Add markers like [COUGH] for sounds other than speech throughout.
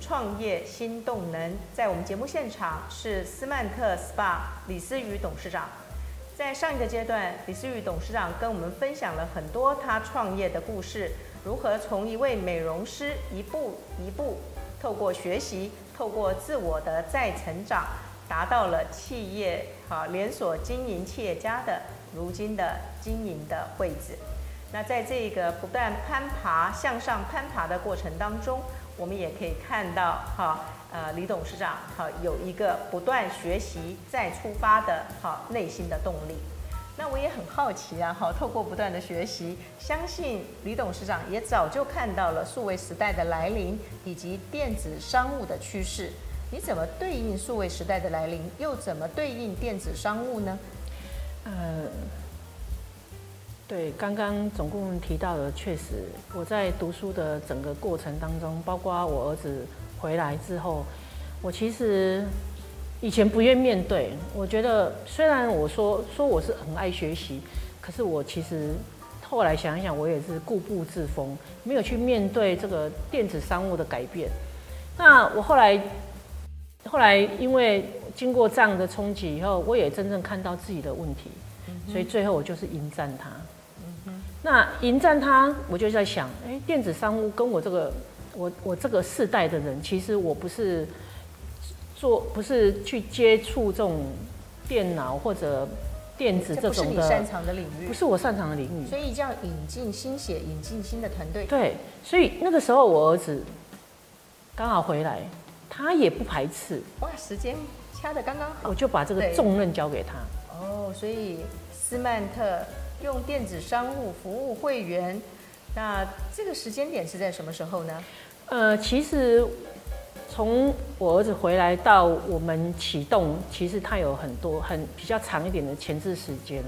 創業新動能，在我們節目現場是斯曼特 SPA 李思瑀董事長。在上一個階段，李思瑀董事長跟我們分享了很多他創業的故事，如何從一位美容師一步一步，透過學習，透過自我的再成長，達到了企業好連鎖經營企業家的如今的經營的位置。那在這個不斷攀爬向上攀爬的過程當中，我們也可以看到，哈，呃，李董事長，好有一個不斷學習再出發的，哈，內心的動力。那我也很好奇啊，哈，透過不斷的學習，相信李董事長也早就看到了數位時代的來臨以及電子商務的趨勢。你怎麼對應數位時代的來臨，又怎麼對應電子商務呢？嗯、呃。對，剛剛總共提到的，確實我在讀書的整個過程當中，包括我兒子回來之後，我其實以前不願面對。我覺得雖然我說說我是很愛學習，可是我其實後來想一想，我也是固步自封，沒有去面對這個電子商務的改變。那我後來後來因為經過這樣的衝擊以後，我也真正看到自己的問題，所以最後我就是迎戰他。那迎戰他，我就在想，哎、欸，電子商務跟我這個，我我這個世代的人，其實我不是做，不是去接觸這種電腦或者電子這種的，不是我擅長的領域。所以叫引進新血，引進新的團隊。對，所以那個時候我兒子剛好回來，他也不排斥。哇，時間掐得剛剛好，我就把這個重任交給他。哦，所以斯曼特。用電子商務服務會員，那這個時間點是在什麼時候呢？呃，其實從我兒子回來到我們啟動，其實它有很多很比較長一點的前置時間。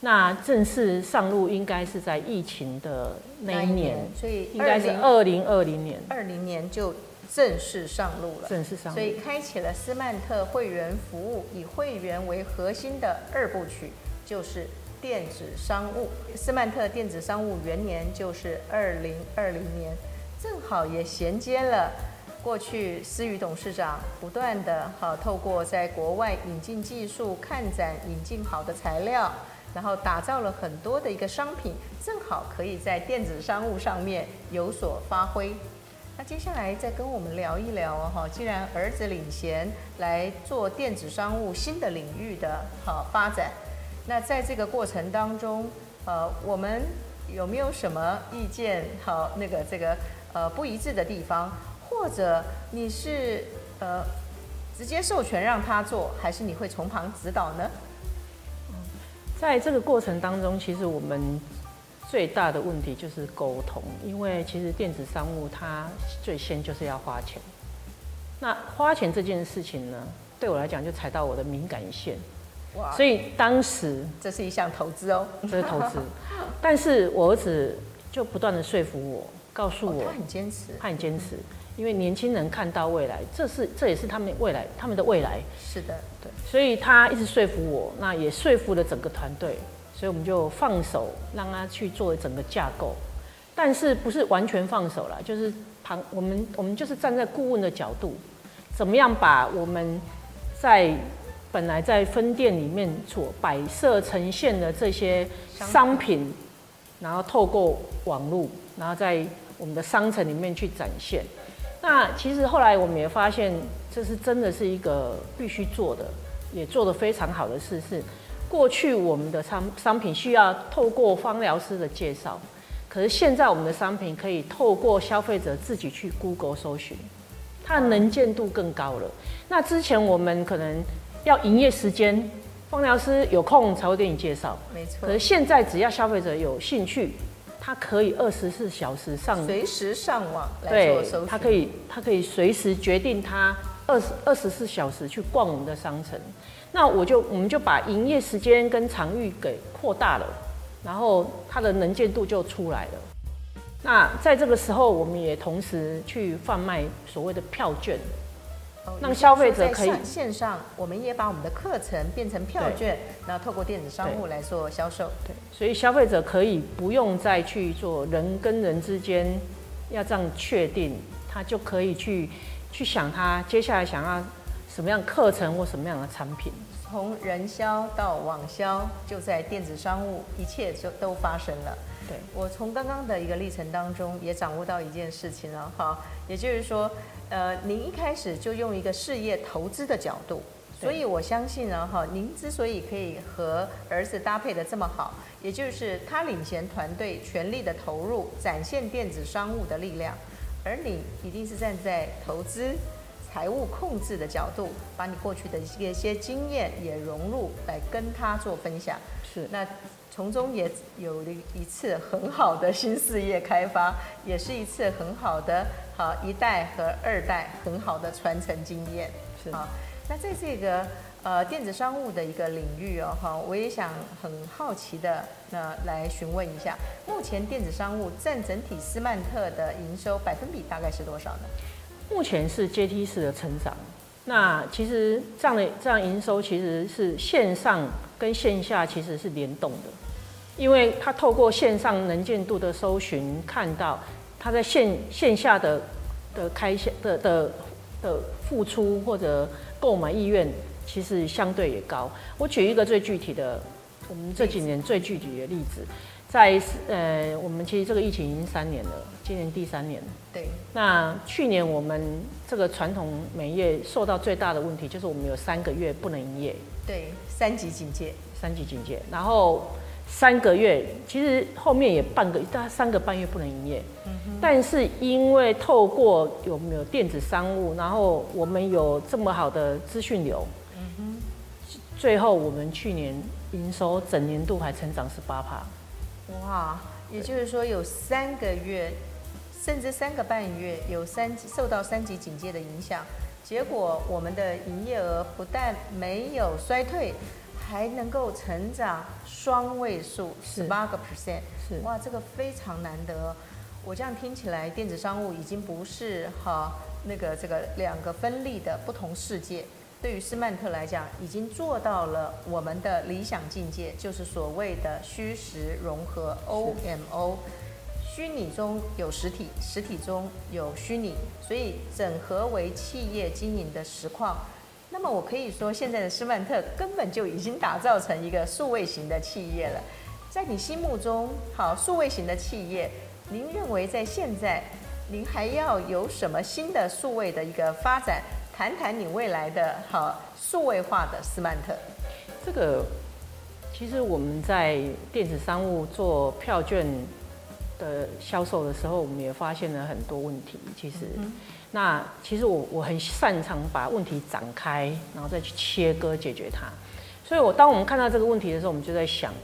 那正式上路應該是在疫情的那一年，一年所以2020應該是二零二零年，二零年就正式上路了。正式上路，所以開啟了斯曼特會員服務，以會員為核心的二部曲，就是。電子商務，斯曼特電子商務元年就是二零二零年，正好也銜接了過去思瑀董事長不斷地哈，透過在國外引進技術、看展、引進好的材料，然後打造了很多的一個商品，正好可以在電子商務上面有所發揮。那接下來再跟我們聊一聊哈、哦，既然兒子領銜來做電子商務新的領域的好發展。那在這個過程當中，呃，我們有沒有什麼意見好，啊，那個這個呃不一致的地方，或者你是呃直接授權讓他做，還是你會從旁指導呢？在這個過程當中，其實我們最大的問題就是溝通，因為其實電子商務它最先就是要花錢，那花錢這件事情呢，對我來講就踩到我的敏感線。哇所以當時這是一項投資哦， [LAUGHS] 這是投資。但是我兒子就不斷的說服我，告訴我他很堅持，他很堅持、持，因為年輕人看到未來，這是這也是他們未來，他們的未來。是的，對。所以他一直說服我，那也說服了整個團隊，所以我們就放手讓他去做整個架構，但是不是完全放手了，就是旁我們我們就是站在顧問的角度，怎麼樣把我們在。本來在分店裡面所擺設呈現的這些商品，然後透過網絡，然後在我們的商城裡面去展現。那其實後來我們也發現，這是真的是一個必須做的，也做得非常好的事。是過去我們的商商品需要透過芳療師的介紹，可是現在我們的商品可以透過消費者自己去 Google 搜尋，它的能見度更高了。那之前我們可能。要營業時間，芳療師有空才會給你介紹。沒錯。可是現在只要消費者有興趣，他可以二十四小時上，隨時上網。對，他可以，他可以隨時決定他二十二十四小時去逛我們的商城。那我就，我們就把營業時間跟場域給擴大了，然後他的能見度就出來了。那在這個時候，我們也同時去販賣所謂的票券。讓、哦、消費者可以線上，以我們也把我們的課程變成票券，對然後透過電子商務來做銷售。對，對所以消費者可以不用再去做人跟人之間要這樣確定，他就可以去去想他接下來想要什麼樣的課程或什麼樣的產品。從人銷到網銷，就在電子商務，一切就都發生了。對，我從剛剛的一個歷程當中，也掌握到一件事情了哈，也就是說，呃，您一開始就用一個事業投資的角度，對所以我相信呢哈，您之所以可以和兒子搭配得這麼好，也就是他領銜團隊全力的投入，展現電子商務的力量，而你一定是站在投資。財務控制的角度，把你過去的一些經驗也融入來跟他做分享，是，那從中也有了一次很好的新事業開發，也是一次很好的好，一代和二代很好的傳承經驗啊。是。那在這個呃電子商務的一個領域哦哈，我也想很好奇的那、呃、來詢問一下，目前電子商務佔整體斯曼特的營收百分比大概是多少呢？目前是階梯式的成長，那其實這樣的這樣營收其實是線上跟線下其實是聯動的，因為他透過線上能見度的搜尋，看到他在線線下的的開銷的的的付出或者購買意願，其實相對也高。我舉一個最具體的，我們這幾年最具體的例子。在呃，我們其實這個疫情已經三年了，今年第三年了。對。那去年我們這個傳統美業受到最大的問題就是我們有三個月不能營業。對，三級警戒。三級警戒。然後三個月，其實後面也半個，大概三個半月不能營業。嗯哼。但是因為透過有沒有電子商務，然後我們有這麼好的資訊流，嗯哼，最後我們去年營收整年度還成長十八趴。哇，也就是說有三個月，對甚至三個半月，有三受到三級警戒的影響，結果我們的營業額不但沒有衰退，還能夠成長雙位數十八個 percent，是，哇，這個非常難得。我這樣聽起來，電子商務已經不是哈那個這個兩個分立的不同世界。對於斯曼特來講，已經做到了我們的理想境界，就是所謂的虛實融合 O M O，是虛擬中有實體，實體中有虛擬，所以整合為企業經營的實況。那麼我可以說，現在的斯曼特根本就已經打造成一個數位型的企業了。在你心目中，好，數位型的企業，您認為在現在，您還要有什麼新的數位的一個發展？談談你未來的好數位化的斯曼特，這個其實我們在電子商務做票券的銷售的時候，我們也發現了很多問題。其實，嗯哼。那其實我我很擅長把問題展開，然後再去切割解決它。所以我，我當我們看到這個問題的時候，我們就在想，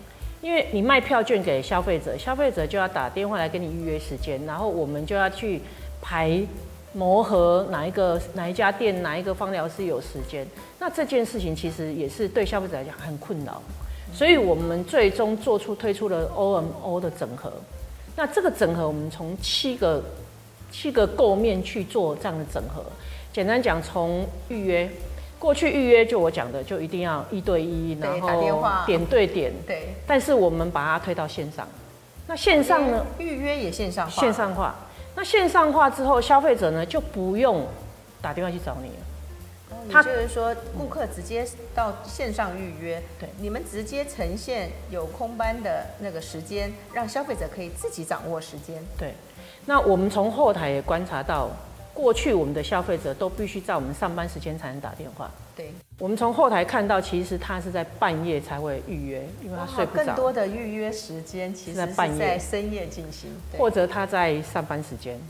因為你賣票券給消費者，消費者就要打電話來跟你預約時間，然後我們就要去排。磨合哪一個哪一家店哪一個芳療師有時間，那這件事情其實也是對消費者來講很困擾，所以我們最終做出推出了 OMO 的整合。那這個整合我們從七個七個構面去做這樣的整合，簡單講從預約，過去預約就我講的就一定要一對一對，然後點對點，對，但是我們把它推到線上，那線上呢預約也線上線上化。那線上化之後，消費者呢就不用打電話去找你了。他就是說，顧客直接到線上預約，對，你們直接呈現有空班的那個時間，讓消費者可以自己掌握時間。對，那我們從後台也觀察到，過去我們的消費者都必須在我們上班時間才能打電話。對我們從後台看到，其實他是在半夜才會預約，因為他睡不着。更多的預約時間其實是在半夜、深夜進行，或者他在上班時間。對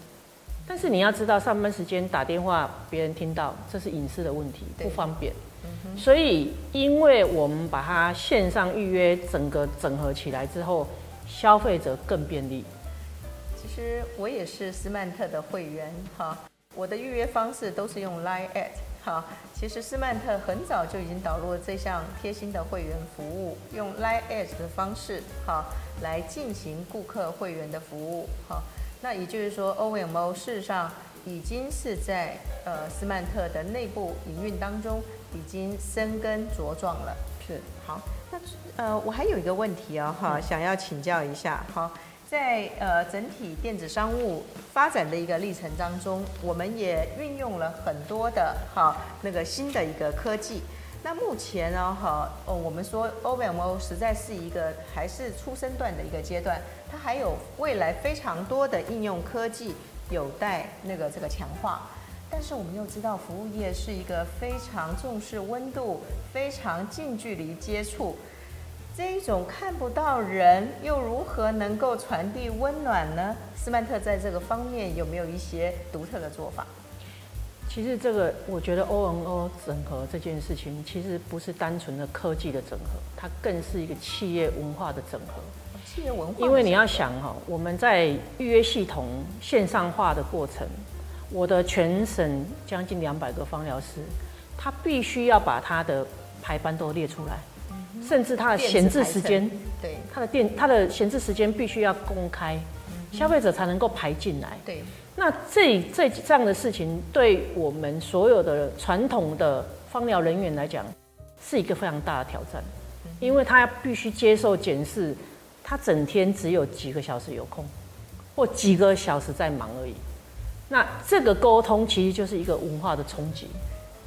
但是你要知道，上班時間打電話別人聽到，這是隱私的問題，對不方便。嗯、哼所以，因為我們把它線上預約整個整合起來之後，消費者更便利。其實我也是斯曼特的會員哈，我的預約方式都是用 Line at。好，其實斯曼特很早就已經導入了這項貼心的會員服務，用 LINE@ 的方式，哈，來進行顧客會員的服務，哈。那也就是說 OMO 事實上已經是在呃斯曼特的內部營運當中已經生根茁壯了。是，好，那呃，我還有一個問題哦，哈、嗯，想要請教一下，好。在呃整體電子商務發展的一個歷程當中，我們也運用了很多的哈那個新的一個科技。那目前呢、哦、哈哦，我們說 OMO 實在是一個還是初生段的一個階段，它還有未來非常多的應用科技有待那個這個強化。但是我們又知道服務業是一個非常重視溫度、非常近距離接觸。這一種看不到人，又如何能夠傳遞溫暖呢？斯曼特在這個方面有沒有一些獨特的做法？其實這個，我覺得 O N O 整合這件事情，其實不是單純的科技的整合，它更是一個企業文化的整合。哦、企業文化。因為你要想哈、哦，我們在預約系統線上化的過程，我的全省將近兩百個芳療師，他必須要把他的排班都列出來。嗯甚至他的閒置時間，對他的電，他的閒置時間必須要公開，嗯、哼消費者才能夠排進來。對，那這這這樣的事情，對我們所有的傳統的芳療人員來講，是一個非常大的挑戰，嗯、哼因為他必須接受檢視，他整天只有幾個小時有空，或幾個小時在忙而已。嗯、那這個溝通其實就是一個文化的衝擊。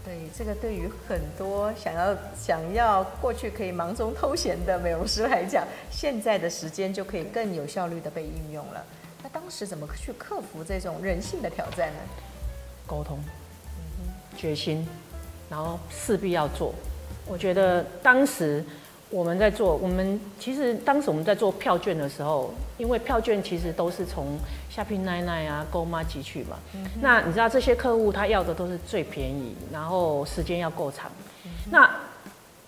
對這個，對於很多想要想要過去可以忙中偷閒的美容師來講，現在的時間就可以更有效率地被應用了。那當時怎麼去克服這種人性的挑戰呢？溝通，嗯哼，決心，然後勢必要做。我覺得當時。我們在做，我們其實當時我們在做票券的時候，因為票券其實都是從蝦皮奶奶啊、GOMAJI 去嘛。嗯、哼那你知道這些客戶他要的都是最便宜，然後時間要夠長。嗯、哼那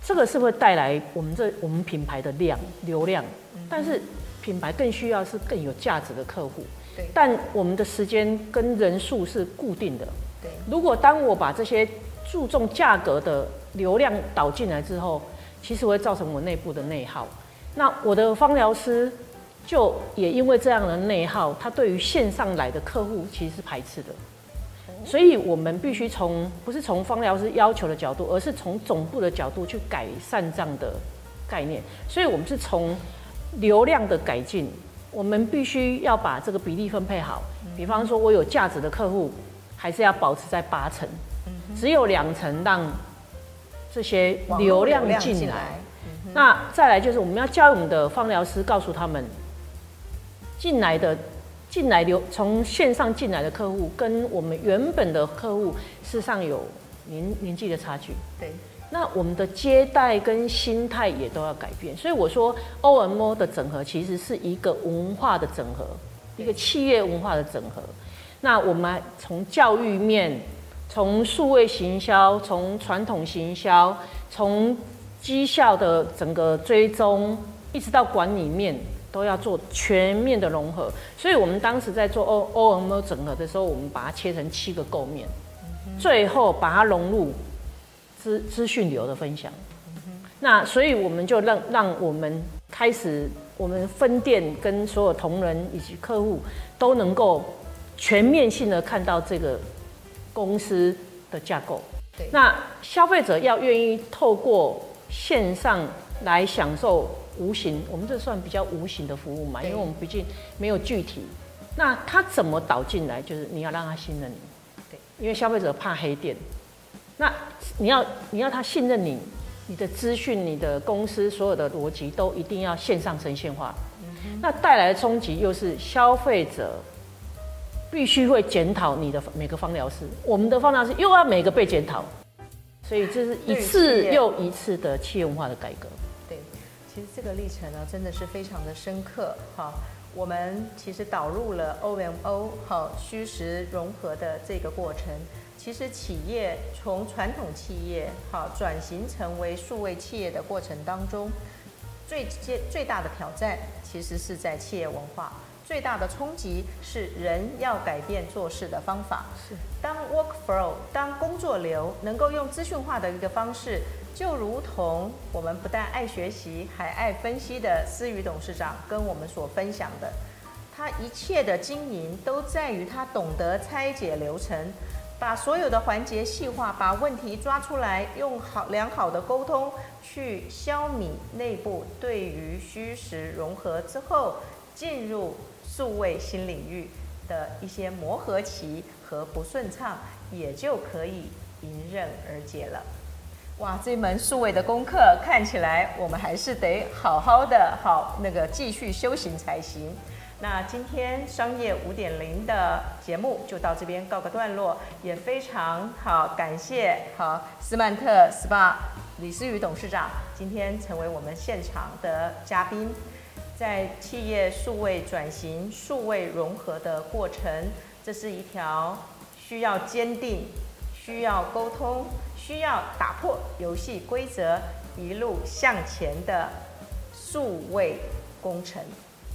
這個是不是帶來我們這我們品牌的量流量？嗯、哼但是品牌更需要是更有價值的客戶。對但我們的時間跟人數是固定的。對如果當我把這些注重價格的流量導進來之後，其實會造成我內部的內耗，那我的芳療師就也因為這樣的內耗，他對於線上來的客戶其實是排斥的，所以我們必須從不是從芳療師要求的角度，而是從總部的角度去改善這樣的概念。所以我們是從流量的改進，我們必須要把這個比例分配好。比方說，我有價值的客戶還是要保持在八成，只有兩成讓。這些流量進來，那再來就是我們要教我們的芳療師告訴他們，進來的進來流從線上進來的客戶跟我們原本的客戶事實上有年年紀的差距，對，那我們的接待跟心態也都要改變。所以我說 OMO 的整合其實是一個文化的整合，對一個企業文化的整合。那我們從教育面。從數位行銷，從傳統行銷，從績效的整個追蹤，一直到管理面，都要做全面的融合。所以，我們當時在做 OOMO 整合的時候，我們把它切成七個構面，最後把它融入資資訊流的分享。łat their customers 那所以，我們就讓讓我們開始，我們分店跟所有同仁以及客戶都能夠全面性的看到這個。公司的架構，對，那消費者要願意透過線上來享受無形，我們這算比較無形的服務嘛，對因為我們畢竟沒有具體。那他怎麼導進來？就是你要讓他信任你，對，因為消費者怕黑店。那你要你要他信任你，你的資訊、你的公司所有的邏輯都一定要線上呈現化。嗯、哼那帶來的衝擊又是消費者。必須會檢討你的每個芳療師，我們的芳療師又要每個被檢討，所以這是一次又一次的企業文化的改革。對，其實這個歷程呢，啊，真的是非常的深刻哈。我們其實導入了 OMO 好，虛實融合的這個過程，其實企業從傳統企業哈轉型成為數位企業的過程當中，最接最大的挑戰其實是在企業文化。最大的衝擊是人要改變做事的方法，是當 workflow 當工作流能夠用資訊化的一個方式，就如同我們不但愛學習還愛分析的思瑀董事長跟我們所分享的，他一切的經營都在於他懂得拆解流程，把所有的環節細化，把問題抓出來，用好良好的溝通去消弭內部對於虛實融合之後進入數位新領域的一些磨合期和不順暢，也就可以迎刃而解了。哇，這門數位的功課看起來，我們還是得好好的好那個繼續修行才行。那今天商業五點零的節目就到這邊告個段落，也非常好，感謝好斯曼特 SPA 李思瑀董事長今天成為我們現場的嘉賓。在企業數位轉型、數位融合的過程，這是一條需要堅定、需要溝通、需要打破遊戲規則、一路向前的數位工程。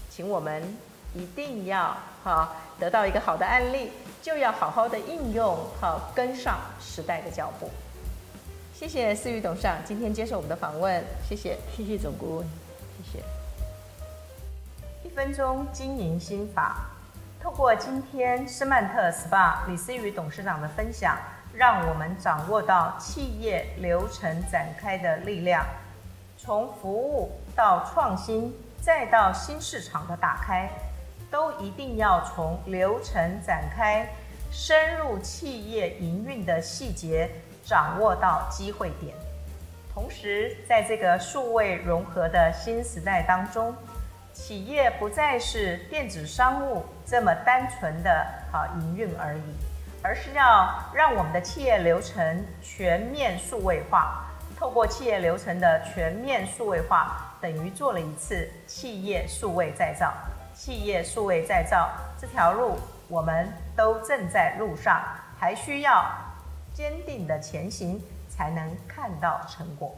請我們一定要、啊、得到一個好的案例，就要好好的應用好、啊，跟上時代的腳步。謝謝思瑀董事長今天接受我們的訪問，謝謝，謝謝總顧問，謝謝。分鐘經營心法，透過今天斯曼特 SPA 李思瑀董事長的分享，讓我們掌握到企業流程展開的力量。從服務到創新，再到新市場的打開，都一定要從流程展開，深入企業營運的細節，掌握到機會點。同時，在這個數位融合的新時代當中，企業不再是電子商務這麼單純的啊營運而已，而是要讓我們的企業流程全面數位化。透過企業流程的全面數位化，等於做了一次企業數位再造。企業數位再造這條路，我們都正在路上，還需要堅定的前行，才能看到成果。